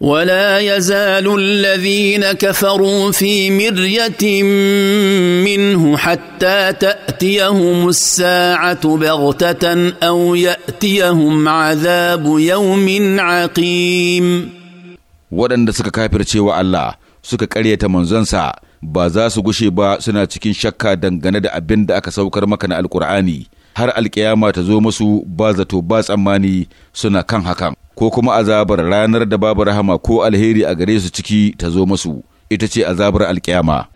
ولا يزال الذين كفروا في مريه منه حتى تاتيهم الساعه بغته او ياتيهم عذاب يوم عقيم waɗanda suka kafirce wa Allah suka ƙaryata manzonsa ba za su gushe ba suna cikin shakka dangane da abin da aka saukar maka na alkur'ani har alkiyama ta zo musu ba zato ba tsammani suna kan hakan ko kuma azabar ranar da babu rahama ko alheri a gare su ciki ta zo masu, ita ce azabar alkiyama.